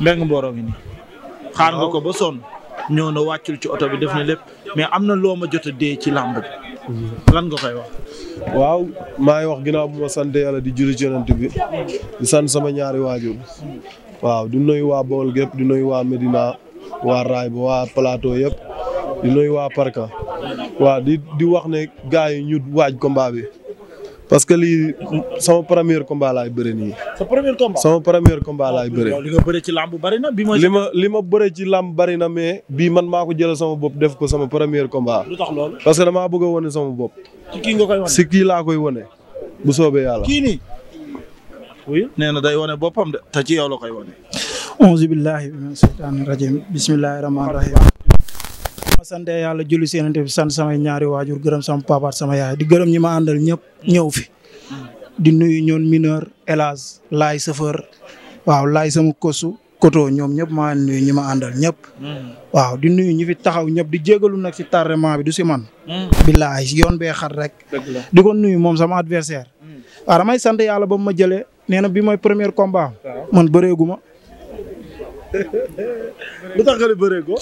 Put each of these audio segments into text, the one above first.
Mbengue Mboro ngi nii. xaar nga ko ba sonn. ñoo na wàccul ci oto bi def na lépp mais am na loo ma jot a dee ci làmb bi. lan nga koy wax. waaw maa ngi wax ginnaaw moo ma sant yàlla di julli ci bi di sant sama ñaari waajur waaw di nuyu waa Bawol gépp di nuyu waa Medina waa Raay ba waa Plateau yëpp di noy waa Parka waaw di wax ne gars yi ñu waaj combat bi. parce que lii sama premier combat laay bëre nii. sa premier combat sama premier combat laay bëre. li nga bëre ci làmb bari na bii mooy. li ma li ma bëre ci làmb bari na mais bii man maa ko jëlee sama bopp def ko sama premier combat. lu tax loolu parce que damaa bëgg a wane sama bop kii nga koy wane si kii laa koy wane. bu soobee yàlla kii nii. oui na day wane boppam de te ci yow la koy wane. auzu ma sant yàlla julli si yonent bi sant samay ñaari waajur gërëm sama papa sama yaay di gërëm ñi ma àndal ñëpp ñëw fi. di nuyu ñoon mineur elage laay chauffeur waaw laay sama kosu koto ñoom ñëpp maa nuyu ñi ma àndal ñëpp. waaw di nuyu ñi fi taxaw ñëpp di jégalu nag si tardement bi du si man. billaay yoon bee xat rek. di ko nuyu moom sama adversaire. Hmm. waaw damay sant yàlla ba mu ma bi mooy premier combat man bëreegu lu tax nga ne bëreegoo.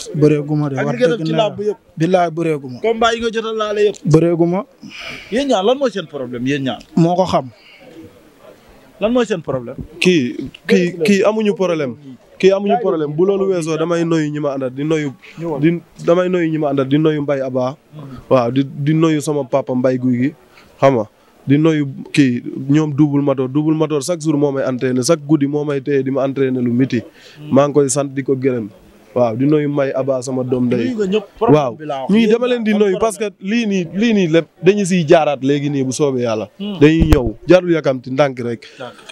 ma de wax dëgg ci làmb yëpp. billaay bëreegu yi nga jot a laale yëpp. bëreegu ma. yéen ñaar lan mooy seen problème yéen ñaar. moo ko xam. lan mooy seen problème. kii kii kii amuñu problème. kii amuñu problème bu loolu weesoo damay noyu ñi ma àndal di noyu. di damay noyu ñi ma àndal di noyu Mbaye Aba. Hmm. waaw di di noyu sama papa mbay guy gi xam nga di noyu kii ñoom double moteur double moteur chaque jour moo may entraîné chaque guddi moo may téye di ma entraîné lu miti. Hmm. maa ngi koy sant di ko gërëm. waaw di noyu may Aba sama doom day waaw ñuy dama leen di noyu parce que lii nii lii nii lépp dañu si jaaraat léegi nii bu soobee yàlla. Hmm. dañuy ñëw jarul yàkkamti ndànk rek.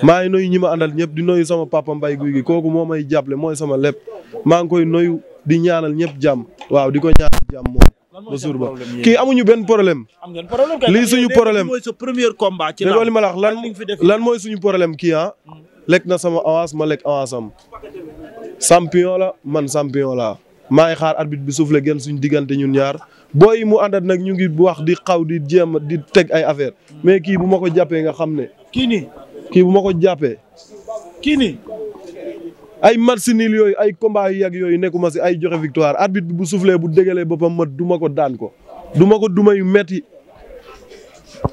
maa ngi noyu ñi ma àndal ñëpp di noyu sama papa mbay guy gi kooku moom may jàppale mooy sama lépp maa ngi koy noyu di ñaanal ñëpp jàmm waaw di ko ñaanal jàmm ba jour ba kii amuñu benn problème. am ngeen problème kay lii suñu problème mooy sa premier combat ci loolu ma la wax lan lan mooy suñu problème ki ah. Hmm. lekk na sama avance ma lekk avance am. la man champion la maa ngi xaar arbitre bi soufflé gën suñu diggante ñun ñaar booy yi mu àndat nag ñu ngi wax di xaw di jéem di teg ay affaire hmm. mais kii bu ma ko jàppee nga xam ne. kii nii kii bu ma ko jàppee. kii nii. ay match nul yooyu ay combat yu yooyu yooyu nekkuma si ay joxe victoire arbitre bi bu soufflé bu dégalee boppam ma duma ko daan ko duma ko duma yu metti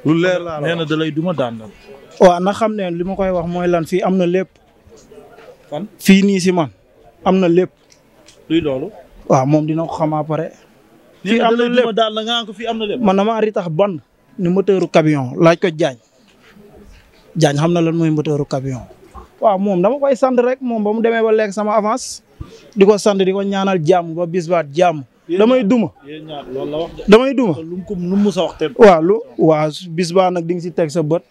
lu leer laa da duma daan la. waaw na xam ne li ma koy wax mooy lan fii am na lépp. fan fii nii si man am na lép luy moom dina ko xam pare. fii am na lépp fii am na lépp. tax ban. ni moteuru camion laaj ko jaañ jaañ xam na lan mooy moteuru camion. waaw moom dama koy sant rek moom ba mu demee ba lekk sama avance di ko sant di ko ñaanal jàmm ba bis baat jàmm. damay duma damay duma waaw lu waa bis baa nag di nga si teg sa bët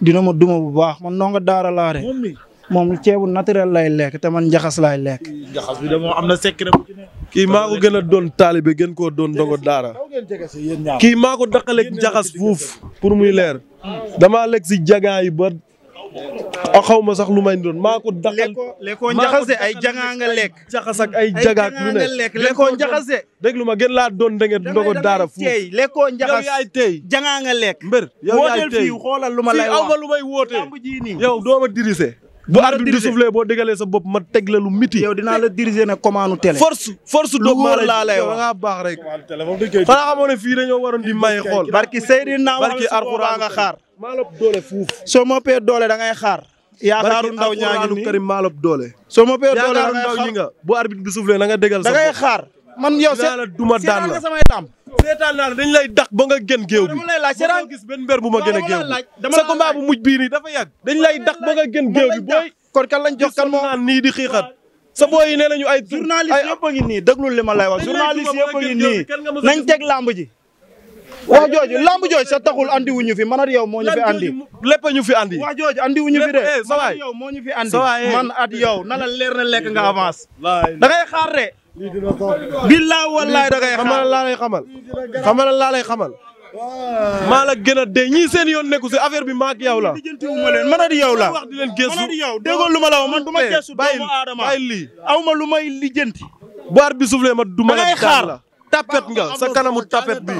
dina ma duma bu baax man noo nga daara laare moom ceebu naturel lay lekk te man njaxas laay lekk njaxas bi de am na secret kii maa ko gën a doon taalibe gën koo doon ndongo daara kii maa ko daqaleeg njaxas fuuf pour muy leer damaa lekk si jagaa yi a ah, xaw ma sax lu may doon maa ko daxal lekkoo njaxase ay jagaa nga lekk jaxas ak ay jagaak lu ne lekkoo njaxase déglu ma gën laa doon denge ndogo daara fu tey lekkoo njaxas yaay tey jagaa nga lekk mbër yow yaay tey xoolal lu ma lay wax fii aw ma lu may wootee yow dooma dirise bu arbitre bi soufflé boo dégalee sa bopp ma teg la lu miti. yow dinaa la diriger nag commande télé. force force doog ma laa lay wax nga baax rek. xanaa xamoo ne fii dañoo waroon a maye xool. barki Seydina barki Alxuraan nga xaar. maalop soo ma pee doole da xaar. yaakaaru ndaw ñaa ngi ni Karim doole. soo ma pee doole da nga bu arbitre bi soufflé na nga dégal da ngay xaar man yow. dinaa la duma daan la seetaan naa dañ lay dax ba nga gën géew bi dama gis benn mbër bu ma gën a géew bi sa combat yàgg dañ lay dax ba nga gën géew bi booy kon kan lañ jox kan moo naan nii di xiixat sa booy yi nee nañu ay journaliste yëpp a ngi nii déglul li ma lay wa journaliste yëpp a ngi nii nañ teg làmb ji wax jooju lamb jooju sa taxul andi wuñu fi man ak yow moo ñu fi andi lépp ñu fi andi wax jooju andi wuñu fi de man ak yow moo ñu fi andi man at yow na leer na lekk nga avance da ngay xaar de billaay wallaay da ngay xamal laa lay xamal xamal laa lay xamal. maa la gën a dee ñii seen yoon nekku si affaire bi maak yow la. man ak yow la wax di ma la wax man du ma eh, gëstu doomu aadama bàyyi lii aw ma lu may lijjanti. bu bi suuflee ma du ma la xaar la. tapet nga sa kanamu tapet bi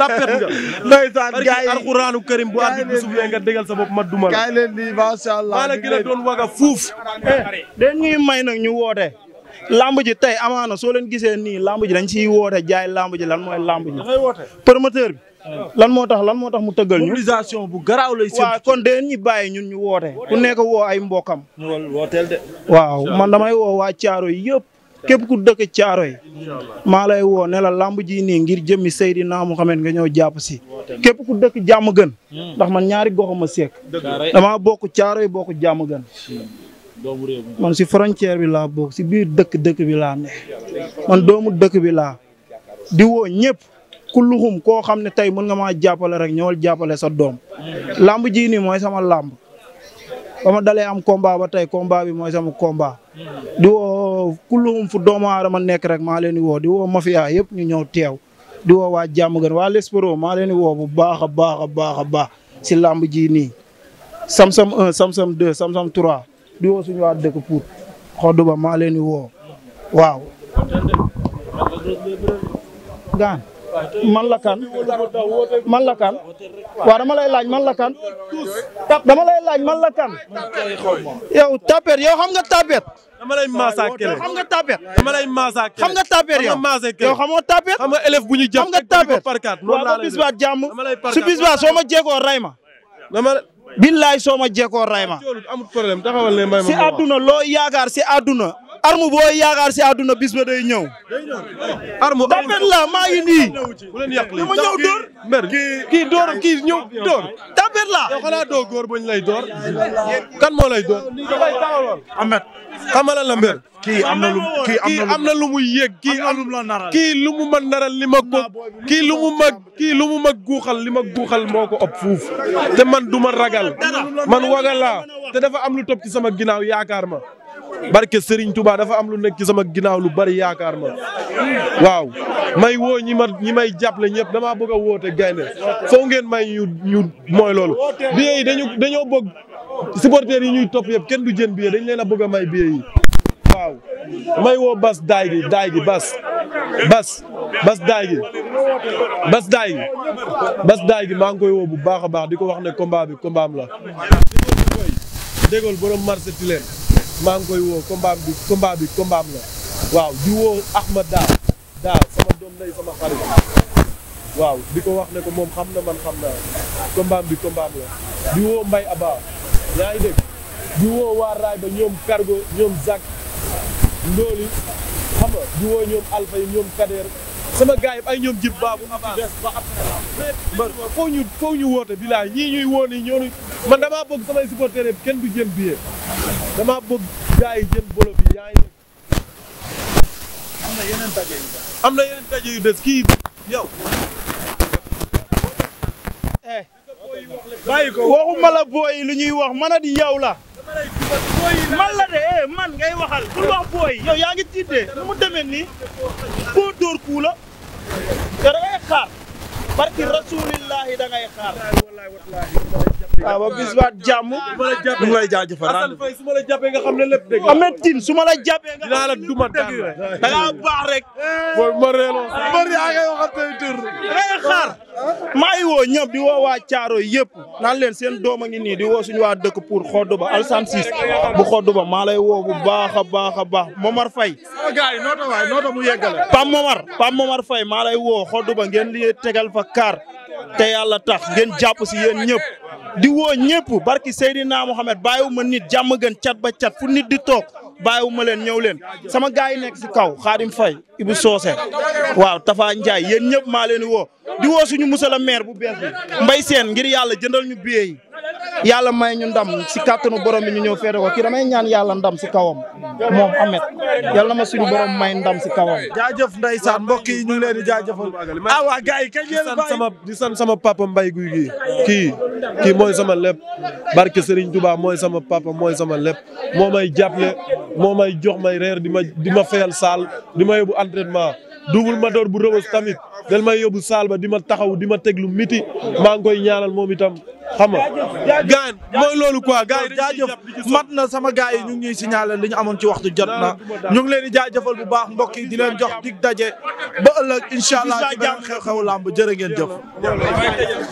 tapet nga. ndeysaan gars yi alxuraanu karim bu aar bi suuflee nga dégal sa bopp ma du la. maa la doon waga fuuf. Eh, eh, dañuy may nag ñu woode lamb ji tey amaana soo leen gisee nii lamb ji nañ ciy woote jaay lamb ji lan mooy lamb ji. promoteur bi. lan moo tax lan moo tax mu tëggal ñu. mobilisation bu garaaw lay. waaw kon deen ñi bàyyi ñun ñu woote. ku nekk woo ay mbokam wooteel waaw man damay woo waa caaro yi yëpp. képp ku dëkk caaro yi. maa lay woo ne la lamb ji nii ngir jëmmi Seydina Muhammad nga ñëw jàpp si. képp ku dëkk jàmm gën. Hmm. ndax man ñaari gox ma seek. dama bokk caaro yi bok jàmm gën. man si frontière bi laa bokk si biir dëkk dëkk bi laa ne man doomu dëkk bi laa di woo ñëpp xam ne tey mën nga maa jàppale rek ñëwal jàppale sa doom làmb ji nii mooy sama làmb ba ma dalee am combat ba tey combat bi mooy sama combat di woo ku luxum fu doomu nekk rek maa leen di woo di woo mafia yëpp ñu ñëw teew di woo waa jàmm gën waa Lespero maa leen woo bu baax a baax a baax si làmb ji nii sam-sam un sam-sam deux sam-sam trois di woo suñu waa dëkk Pout Xoddu Ba maa leen di woo waaw. gaan man la kan man la kan waaw dama lay laaj man la kan dama lay laaj man la kan yow tapet yow xam nga tapet. dama lay maasa kele xam nga tapet. dama lay maasa kele xam nga tapet yow. yow xamoo tapet. xam nga élève bu ñu jàpp xam nga tapet. waaw ba bis ba jàmm su bis ba soo ma jéegoo ray ma. billaay soo ma jeekoo ray ma. amul problème taxawal ne may si àdduna loo yaakaar si àdduna. arme boo yaakaar si àdduna bis ba day ñëw. arme tapet la maa ngi nii. dama ñëw door. mer kii kii door kii ñëw door. tapet la. góor bañ lay door. kan moo xamala la mbër. kii am na lu kii am na lu mu yëg kii am kii lu mu ma naral li ma ko kii lu mu ma kii lu mu ma guuxal li ma guuxal moo ko ëpp fuuf te man du ma ragal man wagalaa te dafa am lu topp ci sama ginnaaw yaakaar ma barke Serigne Touba dafa am lu nekk ci sama ginnaaw lu bari yaakaar ma waaw may woo ñi ma ñi may jàppale ñëpp damaa bëgg a woote gaynde foo may ñu ñu mooy loolu bi dañu dañoo supporters yi ñuy topp yëpp kenn du jën billet dañ leen a bëgg a may billet yi waaw may woo bas daay bi daay gi bas bas bas daay gi bas daay gi maa ngi koy woo bu baax a baax di ko wax ne combat bi combat la dégool borom marché maa ngi koy woo combat bi combat bi combat la waaw di woo Ahmad daaw daaw sama doom lay sama xarit waaw di ko wax ne ko moom xam na man xam naa combat bi combat am la di woo Mbaye Aba yaa ngi dégg woo waa ba ñoom cargo ñoom zac ndooli xam nga woo ñoom alpha ñoom kader sama gars yi ay ñoom jib baabu ab ñu woote bilaay ñii ñuy woo nii ñoonu man damaa bëgg samay supporters kenn du jëm billet damaa bëgg gars yi jëm bolo bi yaa ngi am na yeneen daje yu des am yu des bàyyi ko waxuma la booy lu ñuy wax mana di yow la. man la de eh, man ngay waxal bul wax booy yow yaa ngi tiitee nu mu demee nii boo dóor kuu la te da xaar barki rasulillahi da xaar. waaw ah, ba bis baat jàmm. du ma lay jaajëfal Assane Faye su ma la jàppee nga xam ne lépp dëgg. Amet Tine su ma la jàppee nga xam ne lépp dëgg la. da ngaa baax rek. mooy eh. ma reeloo. mbër yaa ngay waxanteel tur. ngay xaar. maa ngi woo ñëpp di woo waa Caaro yëpp. naan leen seen doom a ngi nii di woo suñu waa dëkk pour xoddu ba Alassane Ciss bu xoddu ba maa lay woo bu baax a baax a baax Momar Faye. gars yi noota waay noota mu yeggale. Pam Momar Pam Momar Faye maa lay woo xoddu ba ngeen li tegal fa kaar te yàlla tax gen jàpp si yéen ñëpp di woo ñëpp barki Seydina Mohamed bàyyiwu ma nit jàmm gën cat ba cat fu nit di toog bàyyiwu ma leen ñëw leen sama gars yi nekk si kaw Xaadim Fay Ibu Soose waaw Tafa Njaay yéen ñëpp maa leen woo di woo suñu musala maire bu bees bi Mbay Seen ngir yàlla jëndal ñu billet yi yàlla may ñu ndam si kàttanu borom bi ñu ñëw feete ko kii damay ñaan yàlla ndam si kawam moom Amet yàlla na ma suñu borom may ndam si kawam. jaajëf ndeysaan mbokk yi ñu ngi leen di jaajëfal. ah waa gars yi kañ ngeen bàyyi sama di sant sama papa mbay Guy gii kii kii mooy sama lépp barke Serigne Touba mooy sama papa mooy sama lépp moo may jàppale moo may jox may reer di ma di ma fayal saal di ma yóbbu entraînement. Double Moteur bu rëbës tamit del may yóbbu saal ba di ma taxaw di ma teg lu miti maa ngi koy ñaanal moom itam xam nga. gars mooy loolu quoi gars yi jaajëf mat na sama gars yi ñu ngi ñuy signaler li ñu amoon ci waxtu jot na ñu ngi leen di jaajëfal bu baax mbokk yi di leen jox dig daje ba ëllëg incha allah ci beneen xew-xew làmb jërë ngeen jëf.